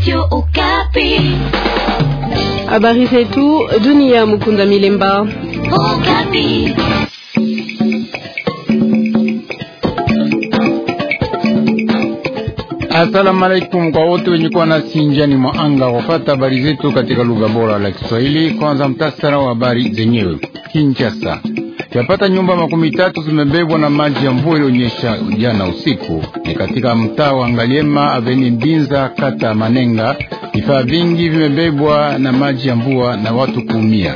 Radio Okapi. Habari zetu dunia, Mukunda Milemba. Okapi. Asalamu alaikum kwa wote wenye kuwa nasi njiani mwa anga kufata habari zetu katika lugha bora la Kiswahili. Kwanza mtasara wa habari zenyewe. Kinshasa yapata nyumba makumi tatu zimebebwa na maji ya mvua ilionyesha jana usiku. Ni katika mtaa wa Ngaliema aveni Mbinza, kata Manenga. Vifaa vingi vimebebwa na maji ya mvua na watu kuumia.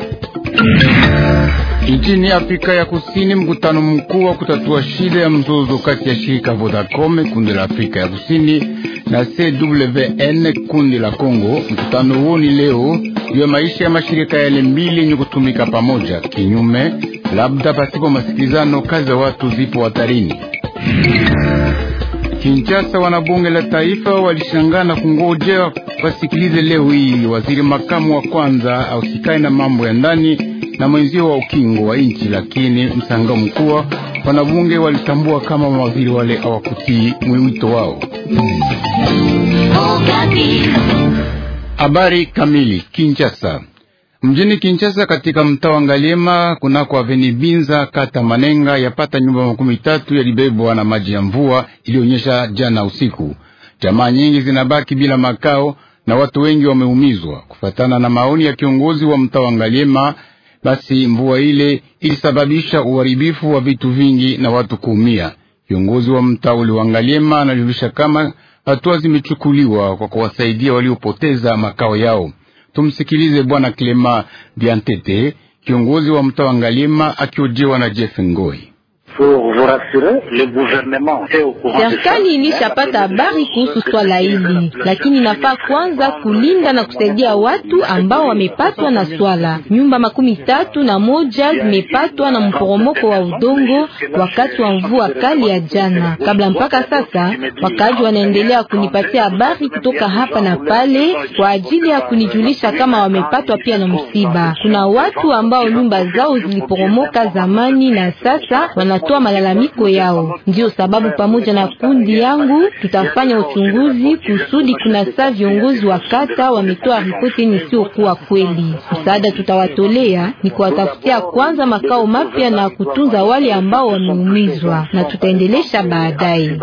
Nchini Afrika ya Kusini, mkutano mkuu wa kutatua shida ya mzozo kati ya shirika Vodacom, kundi la Afrika ya Kusini, na CWN, kundi la Kongo. Mkutano huo ni leo juu ya maisha ya mashirika yale mbili yenye kutumika pamoja. Kinyume labda pasipo masikilizano, kazi za watu zipo hatarini. Kinshasa, wanabunge la taifa walishangaa na kungojea wasikilize leo hii waziri makamu wa kwanza ausikae na mambo ya ndani na mwenzio wa ukingo wa nchi, lakini msangao mkuu wanabunge walitambua kama mawaziri wale hawakutii mwito wao. Habari kamili Kinshasa. Mjini Kinshasa katika mtaa wa Ngaliema kunako aveni Binza kata Manenga yapata nyumba makumi tatu yalibebwa na maji ya mvua ilionyesha jana usiku. Jamaa nyingi zinabaki bila makao na watu wengi wameumizwa. Kufatana na maoni ya kiongozi wa mtaa wa Ngaliema, basi mvua ile ilisababisha uharibifu wa vitu vingi na watu kuumia. Kiongozi wa mtaa ule wa Ngaliema anajulisha kama hatua zimechukuliwa kwa kuwasaidia waliopoteza makao yao. Tumsikilize Bwana Klema Biantete, kiongozi wa mtaa wa Ngalima, akiojiwa na Jeff Ngoi. Serikali ilishapata habari kuhusu swala hili, lakini inafaa kwanza kulinda na kusaidia watu ambao wamepatwa na swala. Nyumba makumi tatu na moja zimepatwa na mporomoko wa udongo wakati wa mvua kali ya jana. Kabla mpaka sasa, wakaji wanaendelea kunipatia habari kutoka hapa na pale kwa ajili ya kunijulisha kama wamepatwa pia na msiba. Kuna watu ambao nyumba zao ziliporomoka zamani na sasa wanatoa malalamiko malalamiko yao. Ndiyo sababu pamoja na kundi yangu tutafanya uchunguzi kusudi kuna saa viongozi wa kata wametoa ripoti yenye siokuwa kweli. Msaada tutawatolea ni kuwatafutia kwanza makao mapya na kutunza wale ambao wameumizwa, na tutaendelesha baadaye.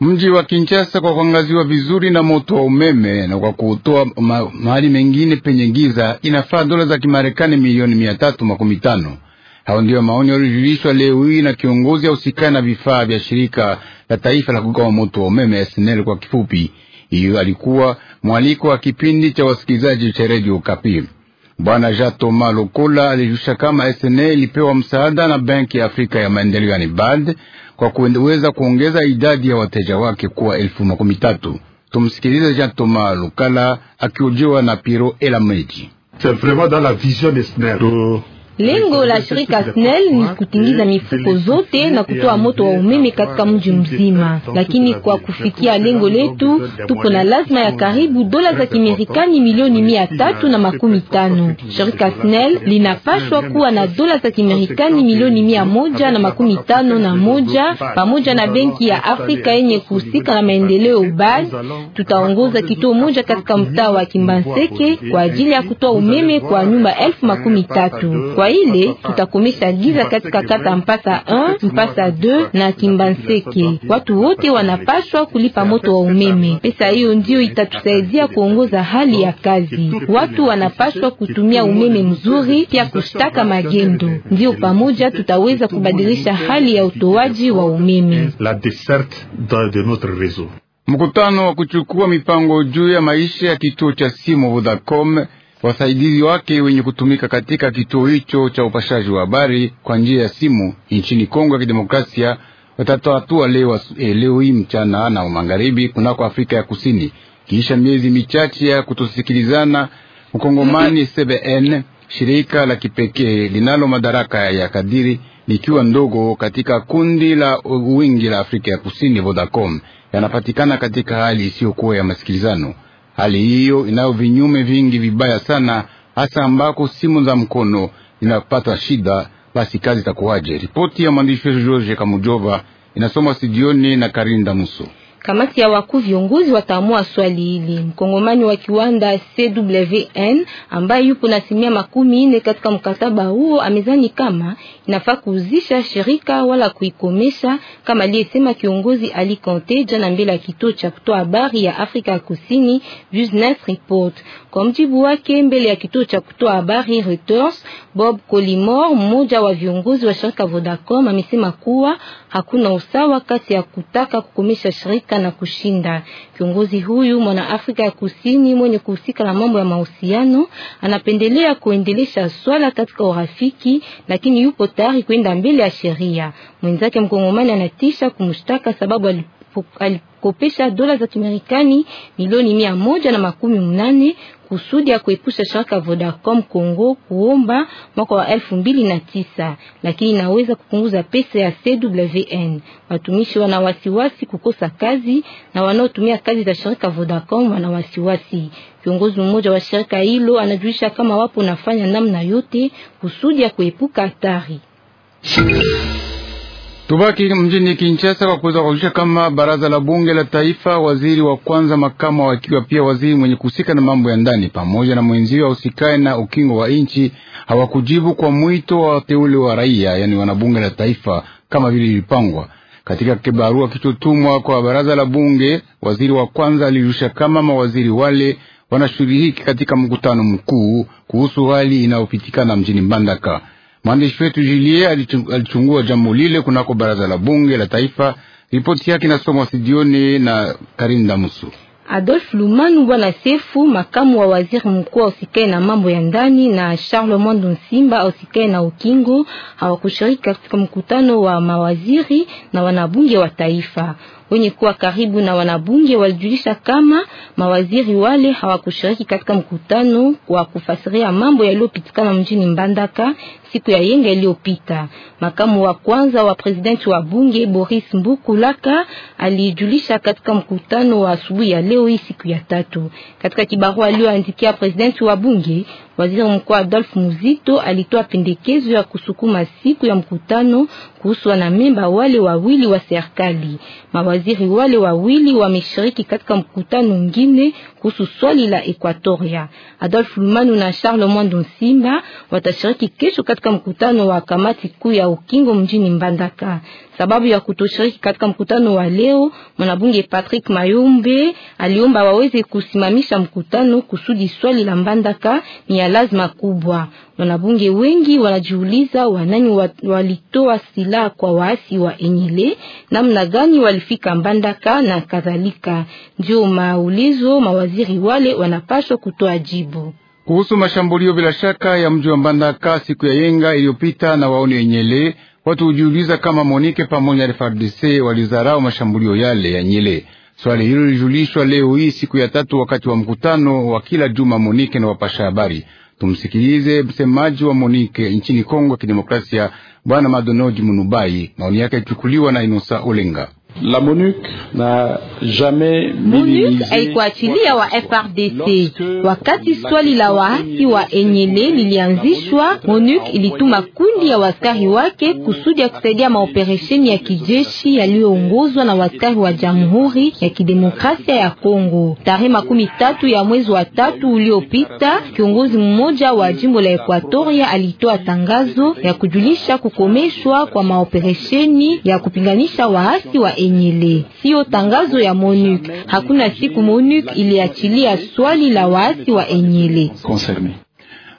Mji wa Kinshasa kwa kuangaziwa vizuri na moto wa umeme na kwa kutoa mahali mengine penye giza inafaa dola za Kimarekani milioni mia tatu makumi tano. Hao ndio maoni yalijulishwa leo hii na kiongozi usikani na vifaa vya shirika la taifa la kugawa moto wa umeme SNEL kwa kifupi. Hiyo alikuwa mwaliko wa kipindi cha wasikilizaji cha Radio Kapi. Bwana Jean Thomas Lokola alijulisha kama SNEL ilipewa msaada na Benki ya Afrika ya Maendeleo, yani BAD, kwa kuweza kuongeza idadi ya wateja wake kuwa elfu makumi tatu. Tumsikilize Jean Thomas Lokala akihojiwa na Piero Elameji. Lengo la shirika SNEL ni kutingiza mifuko zote na kutoa moto wa umeme katika mji mzima, lakini kwa kufikia lengo letu tuko na lazima ya karibu dola za Kimerikani milioni mia tatu na makumi tano. Shirika SNEL linapashwa kuwa na dola za Kimerikani milioni mia moja na makumi tano na moja pamoja na Benki ya Afrika yenye kuhusika na maendeleo BAD. Tutaongoza kituo moja katika mtaa wa Kimbanseke kwa ajili ya kutoa umeme kwa nyumba elfu makumi tatu kwa ile tutakomesha giza katika kata Mpasa 1, Mpasa 2 na Kimbanseke. Watu wote wanapaswa kulipa moto wa umeme. Pesa hiyo ndiyo itatusaidia kuongoza hali ya kazi. Watu wanapaswa kutumia umeme mzuri, pia kushtaka magendo. Ndiyo pamoja tutaweza kubadilisha hali ya utoaji wa umeme. Mkutano wa kuchukua mipango juu ya maisha ya kituo cha simu Vodacom wasaidizi wake wenye kutumika katika kituo hicho cha upashaji wa habari kwa njia ya simu nchini Kongo ya Kidemokrasia watatoa hatua leo, eh, leo hii mchana na magharibi kunako Afrika ya Kusini kisha miezi michache ya kutosikilizana. Mkongomani CBN shirika la kipekee linalo madaraka ya kadiri likiwa ndogo katika kundi la wingi la Afrika ya Kusini Vodacom yanapatikana katika hali isiyokuwa ya masikilizano. Hali hiyo inayo vinyume vingi vibaya sana, hasa ambako simu za mkono zinapata shida. Basi kazi itakuwaje? Ripoti ya mwandishi wetu George Kamujova inasoma studioni na Karinda Muso. Kamati ya wakuu viongozi wataamua swali hili. Mkongomani wa kiwanda CWN ambaye yupo na simia makumi ine katika mkataba huo amezani kama inafaa kuuzisha shirika wala kuikomesha, kama aliyesema kiongozi Ali Conte jana mbele ya kituo cha kutoa habari ya Afrika ya Kusini Business Report. Kwa mjibu wake mbele ya kituo cha kutoa habari Reuters, Bob Colimore, mmoja wa viongozi wa shirika Vodacom, amesema kuwa hakuna usawa kati ya kutaka kukomesha shirika na kushinda. Kiongozi huyu mwana Afrika ya Kusini mwenye kuhusika na mambo ya mahusiano anapendelea kuendelesha swala katika urafiki, lakini yupo tayari kwenda mbele ya sheria. Mwenzake mkongomani anatisha kumshtaka sababu alikopesha dola za Kimarekani milioni mia moja na makumi mnane kusudi ya kuepusha shirika Vodacom Congo kuomba mwaka wa elfu mbili na tisa, lakini inaweza kupunguza pesa ya CWN. Watumishi wana wasiwasi kukosa kazi na wanaotumia kazi za shirika Vodacom wana wasiwasi. Kiongozi mmoja wa shirika hilo anajulisha kama wapo nafanya namna yote kusudi ya kuepuka hatari. Tubaki mjini Kinshasa kwa kuweza kuhakikisha kama baraza la bunge la taifa, waziri wa kwanza makama akiwa pia waziri mwenye kuhusika na mambo ya ndani pamoja na mwenzio ahusikae na ukingo wa nchi hawakujibu kwa mwito wa wateule wa raia, yani wanabunge la taifa, kama vile ilipangwa katika kibarua kichotumwa kwa baraza la bunge. Waziri wa kwanza alirusha kama mawaziri wale wanashiriki katika mkutano mkuu kuhusu hali inayopitikana mjini Mbandaka. Mwandishi wetu Julie alichungua jambo lile kunako baraza la bunge la taifa. Ripoti yake inasomwa sijioni na Karinda damusu Adolf Lumanu Bwana Sefu, makamu wa waziri mkuu ausikae na mambo ya ndani, na Charlemont Nsimba ausikae na ukingo hawakushiriki katika mkutano wa mawaziri na wanabunge wa taifa. Wenye kuwa karibu na wanabunge walijulisha kama mawaziri wale hawakushiriki katika mkutano wa kufasiria mambo yaliyopitikana mjini Mbandaka siku ya yenga iliyopita. Makamu wa kwanza wa presidenti wa bunge Boris Mbukulaka alijulisha katika mkutano wa asubuhi ya leo hii siku ya tatu. Katika kibarua aliyoandikia presidenti wa bunge Waziri mkuu Adolf Muzito alitoa pendekezo ya kusukuma siku ya mkutano kuhusu memba wale wawili wa serikali. Mawaziri wale wawili wameshiriki katika mkutano mwingine kuhusu swali la Equatoria. Adolf Lumanu na Charles Mwandu Simba watashiriki kesho katika mkutano wa kamati kuu ya ukingo mjini Mbandaka. Sababu ya kutoshiriki katika mkutano wa leo, mwanabunge Patrick Mayombe aliomba waweze kusimamisha mkutano kusudi swali la Mbandaka ni ya lazima kubwa. Wanabunge wengi wanajiuliza wanani walitoa silaha kwa waasi wa Enyele, namna gani walifika Mbandaka na kadhalika. Ndio maulizo mawaziri wale wanapaswa kutoa jibu kuhusu mashambulio bila shaka ya mji wa Mbandaka siku ya yenga iliyopita na waoni Enyele Watu hujiuliza kama Monike pamoja na FARDC walizarau mashambulio yale ya Nyele. Swali hilo lilijulishwa leo hii siku ya tatu wakati wa mkutano wa kila juma Monike na wapasha habari. Tumsikilize msemaji wa Monike nchini Kongo ya Kidemokrasia, Bwana Madonoji Munubai. Maoni yake yalichukuliwa na Inosa Olenga. La MONUC na jamais haikuachilia wa FRDC. Wakati swali la waasi wa Enyele lilianzishwa, MONUC ilituma kundi ya waskari wake kusudi ya kusaidia maoperesheni ya kijeshi yaliyoongozwa na waskari wa Jamhuri ya Kidemokrasia ya Kongo. Tarehe makumi tatu ya mwezi wa tatu uliopita, kiongozi mmoja wa jimbo la Ekwatoria alitoa tangazo ya kujulisha kukomeshwa kwa maoperesheni ya kupinganisha waasi wa Enyele. Siyo tangazo ya MONUC. Hakuna siku MONUC iliachilia swali la waasi wa Enyele.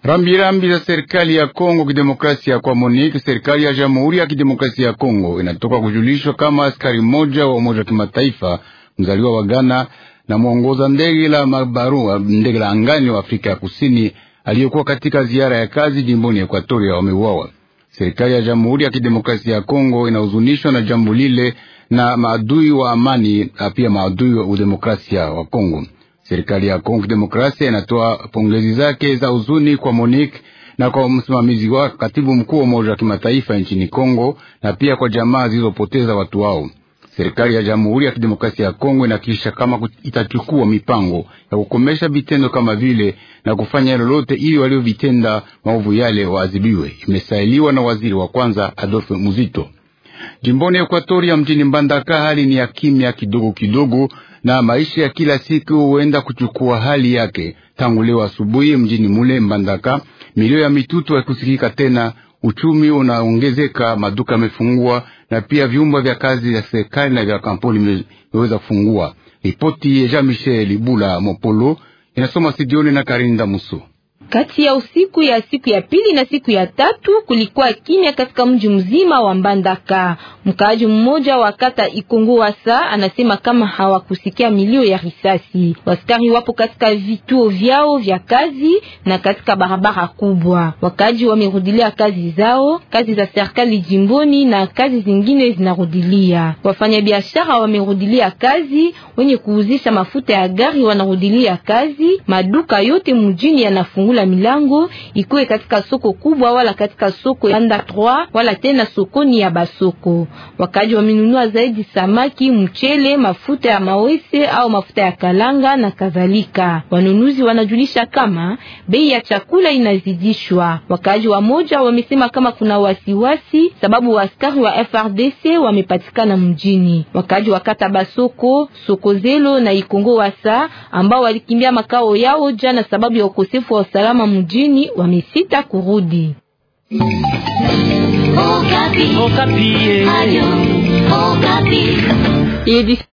Rambirambi za serikali ya Kongo Kidemokrasia kwa MONUC. Serikali ya Jamhuri ya Kidemokrasia ya Kongo inatoka kujulishwa kama askari mmoja wa Umoja wa Kimataifa mzaliwa wa Ghana na mwongoza ndege la mabarua ndege la angani wa Afrika ya Kusini aliyekuwa katika ziara ya kazi jimboni Ekuatoria wameuawa. Serikali ya Jamhuri ya Kidemokrasia ya Kongo inahuzunishwa na jambo lile na maadui wa amani na pia maadui wa udemokrasia wa Kongo. Serikali ya Kongo Demokrasia inatoa pongezi zake za huzuni kwa Monique na kwa msimamizi wa katibu mkuu wa Umoja wa Kimataifa nchini Kongo na pia kwa jamaa zilizopoteza watu wao. Serikali ya Jamhuri ya Kidemokrasia ya Kongo inahakikisha kama itachukua mipango ya kukomesha vitendo kama vile na kufanya lolote ili waliovitenda maovu yale waadhibiwe. Imesailiwa na waziri wa kwanza Adolphe Muzito. Jimboni Ekwatoria, mjini Mbandaka, hali ni ya kimya kidogo kidogo, na maisha ya kila siku huenda kuchukua hali yake. Tangu leo asubuhi mjini mule Mbandaka, milio ya mitutu haikusikika tena. Uchumi unaongezeka, maduka yamefungua na pia vyumba vya kazi ya serikali na vya kampuni vimeweza kufungua. Ripoti ya Jean Michel Bula Mopolo inasoma Sidioni na Karinda Muso. Kati ya usiku ya siku ya pili na siku ya tatu kulikuwa kimya katika mji mzima wa Mbandaka. Mkaaji mmoja wa kata Ikongoasa anasema kama hawakusikia milio ya risasi. Waskari wapo katika vituo vyao vya kazi na katika barabara kubwa. Wakaaji wamerudilia kazi zao, kazi za serikali jimboni na kazi zingine zinarudilia. Wafanyabiashara wamerudilia kazi, wenye kuuzisha mafuta ya gari wanarudilia kazi, maduka yote mjini yanafungula la milango ikuwe katika soko kubwa wala katika soko ya nda 3 wala tena sokoni ya basoko. Wakaji wamenunua zaidi samaki, mchele, mafuta ya mawese au mafuta ya kalanga na kadhalika. Wanunuzi wanajulisha kama bei ya chakula inazidishwa. Wakaji wamoja wamesema kama kuna wasiwasi sababu waskari wa FRDC wamepatikana mjini. Wakaji wakata basoko, soko zelo na ikongo wasa ambao walikimbia makao yao jana sababu ya ukosefu wa usalama usalama mjini wa misita kurudi. Okapi. Okapi. Eh. Ayo. Okapi.